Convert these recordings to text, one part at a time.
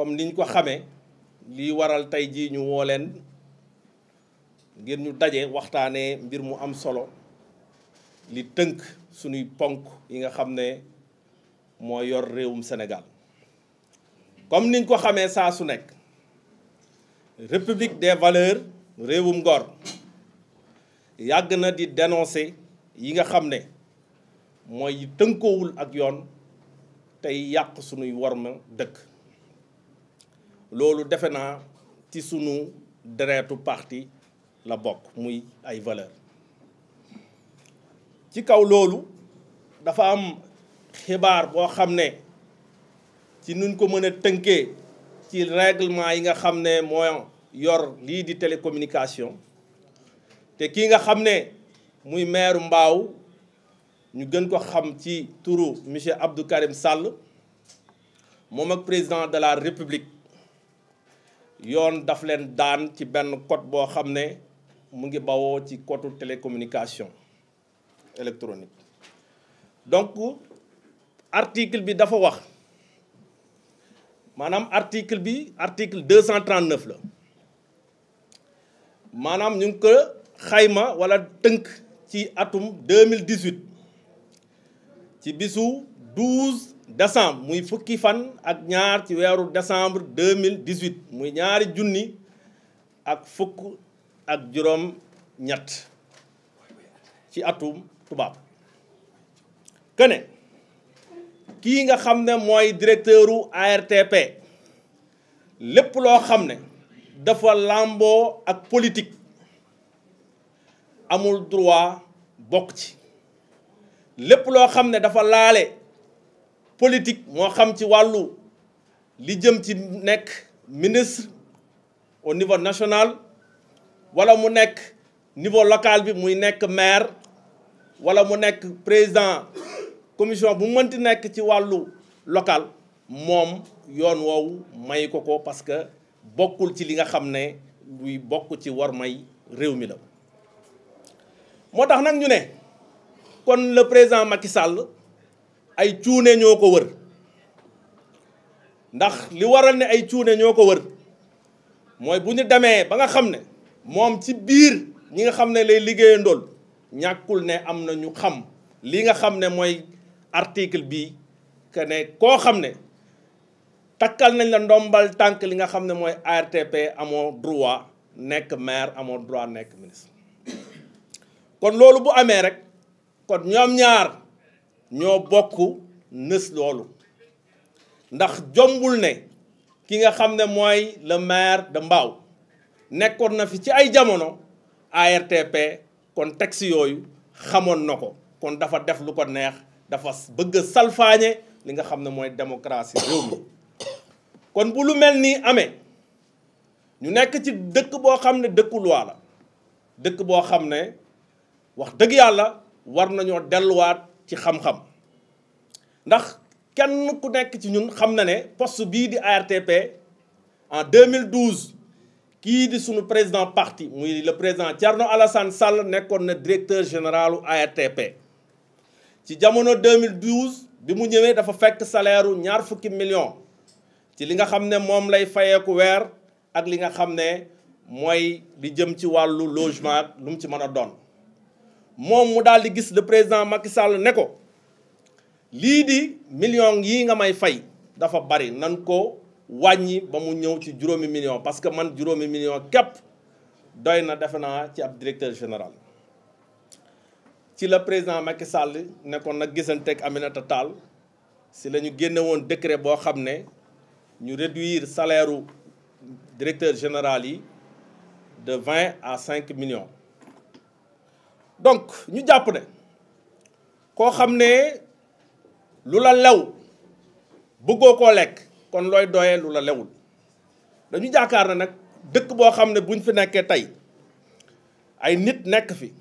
comme niñ ko xamee li waral tey jii ñu leen ngir ñu daje waxtaanee mbir mu am solo li tënk suñuy ponk yi nga xam ne moo yor réewum Sénégal comme niñ ko xamee saa su nekk république de valeurs réewum ngor yàgg na di dénoncer yi nga xam ne mooy tënkoowul ak yoon tey yàq suñuy warma dëkk loolu defe naa ci sunu deretu parti la bokk muy ay valeur ci kaw loolu dafa am xibaar boo xam ne ci nuñ ko mën a tënkee ci règlement yi nga xam ne moo yor lii di télécommunication te kii nga xam ne muy maire Mbao ñu gën ko xam ci turu monsieur Abdou Karim Sall moom ak président de la République yoon daf leen daan ci benn code boo xam ne mu ngi bawoo ci code télécommunication électronique donc article bi dafa wax maanaam article bi article 239 la maanaam ñu ngi ko xayma walla tënk ci atum 2018 ci bisu 12 décembre muy fukki fan ak ñaar ci weeru décembre deux mille dix-huit ñaari junni ak fukk ak juróom ñett ci atum tubaab kene kii nga xam ne mooy directeuru ARTP lépp loo xam ne dafa làmboo ak politique amul droit bokk ci lépp loo xam ne dafa laale politique moo xam ci wàllu li jëm ci nekk ministre au niveau national wala mu nekk niveau local bi muy nekk maire wala mu nekk président commission bu mënti nekk ci wàllu local moom yoon woowu may ko ko parce que bokkul ci li nga xam ne luy bokk ci war may réew mi la moo tax nag ñu ne kon le président Macky Sall ay cuune ñoo ko wër ndax li waral ne ay cuune ñoo ko wër mooy bu ñu demee ba nga xam ne moom ci biir ñi nga xam ne lay liggéeyandool ñàkkul ne am na ñu xam li nga xam ne mooy article bi que ne koo xam ne takkal nañ la ndombal tànk li nga xam ne mooy ARTP amoo droit nekk maire amoo droit nekk ministre kon loolu bu amee rek kon ñoom ñaar ñoo bokk nës loolu ndax jombul ne ki nga xam ne mooy le maire de nekkoon na fi ci ay jamono ARTP kon taxi yooyu xamoon na ko kon dafa def lu ko neex dafa bëgg a salfaañe li nga xam ne mooy démocratie réew kon bu lu mel nii amee ñu nekk ci dëkk boo xam ne dëkku loi la dëkk boo xam ne wax dëgg yàlla war nañoo delluwaat ci xam-xam ndax kenn ku nekk ci ñun xam na ne poste bii di ARTP en 2012 kii di sunu président parti muy le président Thierno Alassane Sall nekkoon na directeur général ARTP ci jamono 2012 bi mu ñëwee dafa fekk salaire ñaar fukki million ci li nga xam ne moom lay fayeeku weer ak li nga xam ne mooy li jëm ci wàllu logement lu mu ci mën a doon moom mu daal di gis le président Macky Sall ne ko lii di million yi nga may fay dafa bari nan ko wàññi ba mu ñëw ci juróomi million parce que man juróomi million képp doy na defe naa ci ab directeur général ci la président Macky Sall ne ko nag gisanteeg Aminata Tall si lañu ñu génne woon décret boo xam ne ñu réduire salaire u directeur général yi de vingt à cinq million donc ñu jàpp ne koo xam ne lu la lew bëggoo koo lekk kon looy doyee lu la lewul dañu jaakaar ne nag dëkk boo xam ne buñ fi nekkee tey ay nit nekk fi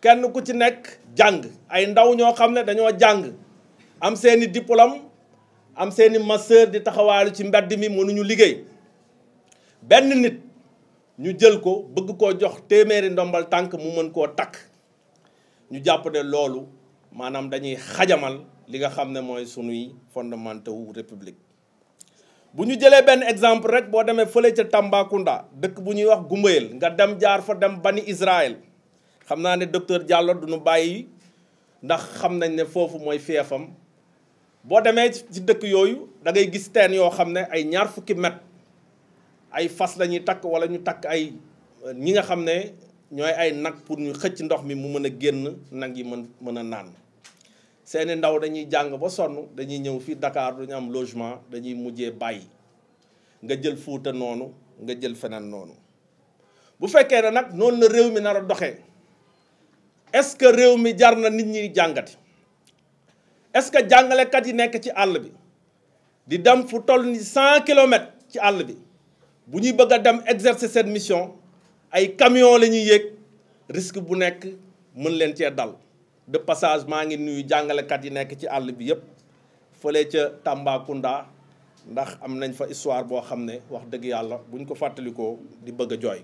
kenn ku ci nekk jàng ay ndaw ñoo xam ne dañoo jàng am seeni diplôme am seeni master di taxawaalu ci mbedd mi mënuñu liggéey benn nit ñu jël ko bëgg koo jox téeméeri ndombal tànk mu mën koo takk ñu jàpp ne loolu maanaam dañuy xajamal li nga xam ne mooy sunuy fondamentaux wu république bu ñu jëlee benn exemple rek boo demee fële ca Tambacounda dëkk bu ñuy wax Gumbayel nga dem jaar fa dem bani Israël xam naa ne docteur Diallo du ñu bàyyi ndax xam nañ ne foofu mooy feefam boo demee ci dëkk yooyu da ngay gis teen yoo xam ne ay ñaar fukki mètre ay fas lañuy takk wala ñu takk ay ñi nga xam ne ñooy ay nag pour ñu xëcc ndox mi mu mën a génn nag yi mën mën a naan seeni ndaw dañuy jàng ba sonn dañuy ñëw fii Dakar duñu am logement dañuy mujjee bàyyi nga jël Fuuta noonu nga jël feneen noonu bu fekkee ne nag noonu la réew mi nar a doxee est-ce que réew mi jar na nit ñi jàngati est-ce que jàngalekat yi nekk ci àll bi di dem fu toll ni cent kilomètres ci àll bi bu ñuy bëgg a dem exercer seen mission ay camion lañuy yéeg risque bu nekk mën leen cee dal de passage maa ngi nuyu jàngalekat yi nekk ci àll bi yëpp fële ca Tambacounda ndax am nañ fa histoire boo xam ne wax dëgg yàlla buñ ko fàttalikoo di bëgg a jooy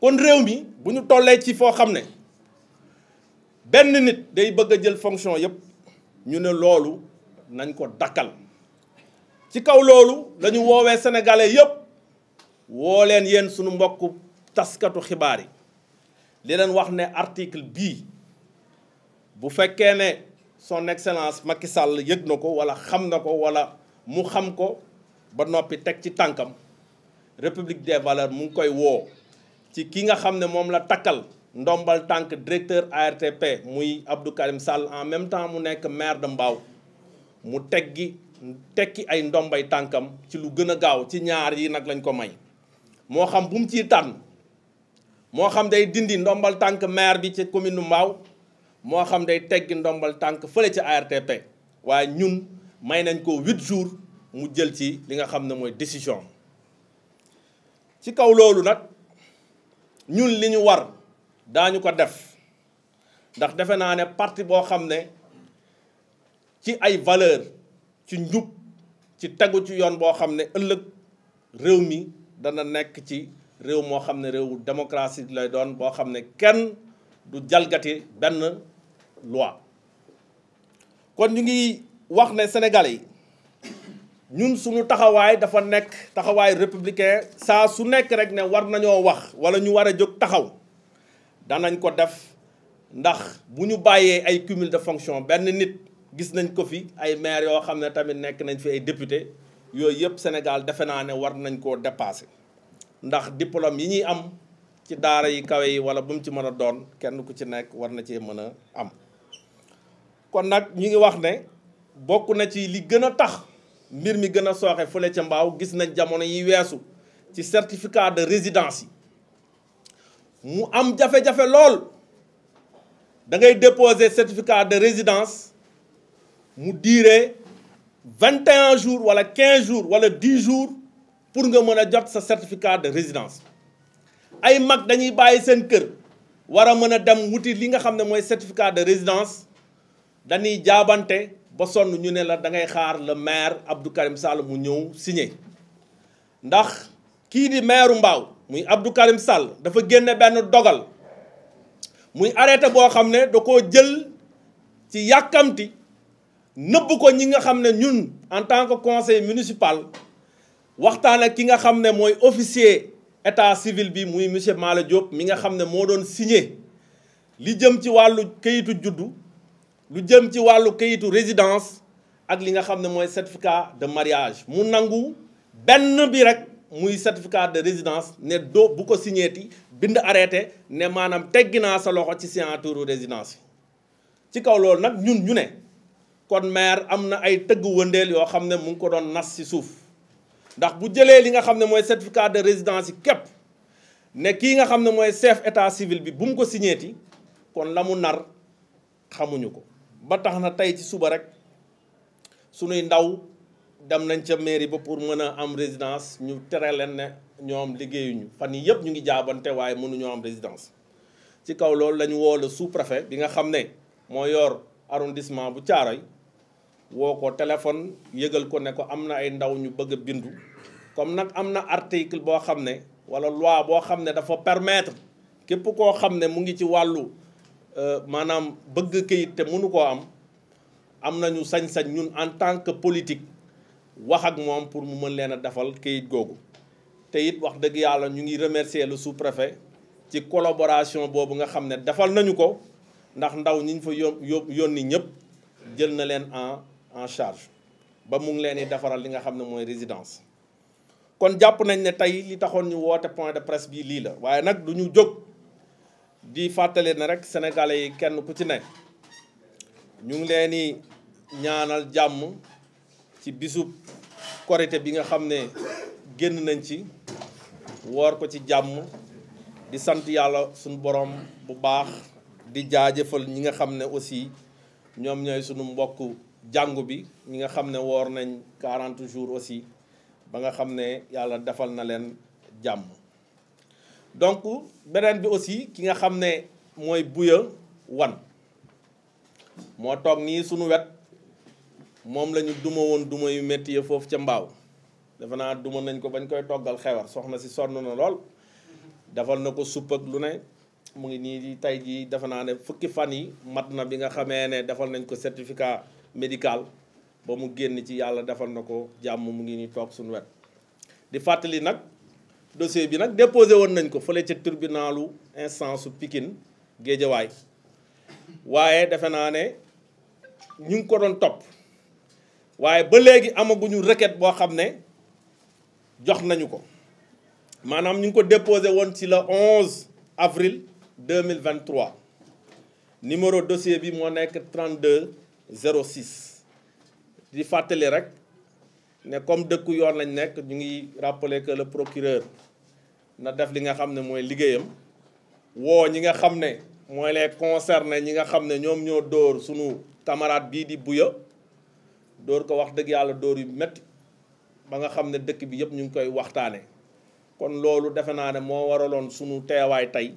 kon réew mi bu ñu tollee ci foo xam ne benn nit day bëgg a jël fonction yëpp ñu ne loolu nañ ko dakkal ci kaw loolu lañu woowee sénégalais yëpp woo leen yéen sunu mbokk taskatu xibaar yi li leen wax ne article bii bu fekkee ne son excellence Macky sàll yëg na ko wala xam na ko wala mu xam ko ba noppi teg ci tànkam république des valeurs mu ngi koy woo ci ki nga xam ne moom la takkal ndombal tànk directeur ARTP muy Abdou Karim Sall en même temps mu nekk maire de Mbao mu teggi tekki ay ndombay tànkam ci lu gën a gaaw ci ñaar yi nag lañ ko may moo xam bum mu tànn moo xam day dindi ndombal tànk maire bi ci commune nu moo xam day teggi ndombal tànk fële ci ARTP waaye ñun may nañ ko huit jours mu jël ci li nga xam ne mooy décision ci kaw loolu nag ñun li ñu war daañu ko def ndax defe naa ne parti boo xam ne ci ay valeur ci njub ci tegu ci yoon boo xam ne ëllëg réew mi dana nekk ci réew moo xam ne réewu démocratie lay doon boo xam ne kenn du jalgati benn loi kon ñu ngi wax ne sénégalais yi ñun suñu taxawaay dafa nekk taxawaay républicain saa su nekk rek ne war nañoo wax wala ñu war a jóg taxaw danañ ko def ndax bu ñu bàyyee ay cumul de fonction benn nit gis nañ ko fi ay maire yoo xam ne tamit nekk nañ fi ay député yooyu yëpp Sénégal defe naa ne war nañ koo dépasé ndax diplôme yi ñuy am ci daara yi kawe yi wala bu mu ci mën a doon kenn ku ci nekk war na cee mën a am kon nag ñu ngi wax ne bokk na ci li gën a tax mbir mi gën a sooxe fële ca mbaaw gis nañ jamono yi weesu ci certificat de résidence yi mu am jafe-jafe lool da ngay déposer certificat de résidence mu diire vingt et un jours wala quinze jours wala dix jours pour nga mën a jot sa certificat de résidence ay mag dañuy bàyyi seen kër war a mën a dem wuti li nga xam ne mooy certificat de résidence dañuy jaabante ba sonn ñu ne la da ngay xaar la maire Abdou Karim Sall mu ñëw signé ndax kii di maire Mbao muy Abdou Karim Sall dafa génne benn dogal muy arrêté boo xam ne da koo jël ci yàkkamti nëbb ko ñi nga xam ne ñun en tant que conseil municipal waxtaan ak ki nga xam ne mooy officier état civil bi muy monsieur Mala Diop mi nga xam ne moo doon signé li jëm ci wàllu këyitu juddu lu jëm ci wàllu kayitu résidence ak li nga xam ne mooy certificat de mariage mu nangu benn bi rek muy certificat de résidence ne doo bu ko signéeti bind arrêté ne maanaam teggi naa sa loxo ci signature résidence yi ci kaw loolu nag ñun ñu ne kon maire am na ay tëgg wëndeel yoo xam ne mu ngi ko doon nas ci suuf ndax bu jëlee li nga xam ne mooy certificat de résidence yi képp ne kii nga xam ne mooy chef état civil bi bu mu ko signéeti kon la mu nar xamuñu ko ba tax na tey ci suba rek sunuy ndaw dem nañ ca mairie ba pour mën a am résidence ñu tere leen ne ñoom liggéeyuñu fan yi yëpp ñu ngi jaabante waaye mënuñoo am résidence ci kaw loolu la ñu woo le sous-préfet bi nga xam ne moo yor arrondissement bu caaro yi woo ko téléphone yëgal ko ne ko am na ay ndaw ñu bëgg bindu comme nag am na article boo xam ne wala loi boo xam ne dafa permettre képp koo xam ne mu ngi ci wàllu euh, maanaam bëgg këyit te mënu koo am am nañu sañ-sañ ñun en tant que politique wax ak moom pour mu mën leen a defal kayit googu te it wax dëgg yàlla ñu ngi remercier lu sous-préfet ci collaboration boobu nga xam ne defal nañu ko ndax ndaw ñi ñu fa yób yóbbu yónni ñëpp jël na leen en en charge ba mu ngi leen di defaral li nga xam ne mooy résidence kon jàpp nañ ne tey li taxoon ñu woote point de presse bii lii la waaye nag du ñu jóg di fàttali na rek sénégalais yi kenn ku ci ne ñu ngi leen di ñaanal jàmm ci bisub korité bi nga xam ne génn nañ ci woor ko ci jàmm di sant yàlla suñu boroom bu baax di jaajëfal ñi nga xam ne aussi ñoom ñooy suñu mbokk jàngu bi ñi nga xam ne woor nañ 40 jours aussi ba nga xam ne yàlla defal na leen jàmm donc beneen bi aussi ki nga xam ne mooy buya wan moo toog nii sunu wet moom lañu duma woon duma yu métti ya foofu ca mbaaw defe naa duma nañ ko bañ koy toggal xewar soxna si sonn na lool defal na ko supp ak lu ne mu ngi nii tey jii defe naa ne fukki fan yi mat na bi nga xamee ne defal nañ ko certificat médical ba mu génn ci yàlla defal na ko jàmm mu ngi ni toog suñu wet di fàttali nag dossier bi nag déposé woon nañ ko fële ca tribunalu instance su Pikine Géejawaay waaye defe naa ne ñu ngi ko doon topp waaye ba léegi amaguñu requête boo xam ne jox nañu ko maanaam ñu ngi ko déposé woon ci le 11 avril 2023 numéro dossier bi moo nekk 32 06 di fàttali rek ne comme dëkku yoon lañ nekk ñu ngi rappeler que le procureur na def li nga xam ne mooy liggéeyam woo ñi nga xam ne mooy les concernés ñi nga xam ne ñoom ñoo dóor suñu camarade bii di Bouya dóor ko wax dëgg yàlla dóor yu métti ba nga xam ne dëkk bi yëpp ñu ngi koy waxtaane kon loolu defe naa ne moo waraloon suñu teewaay tey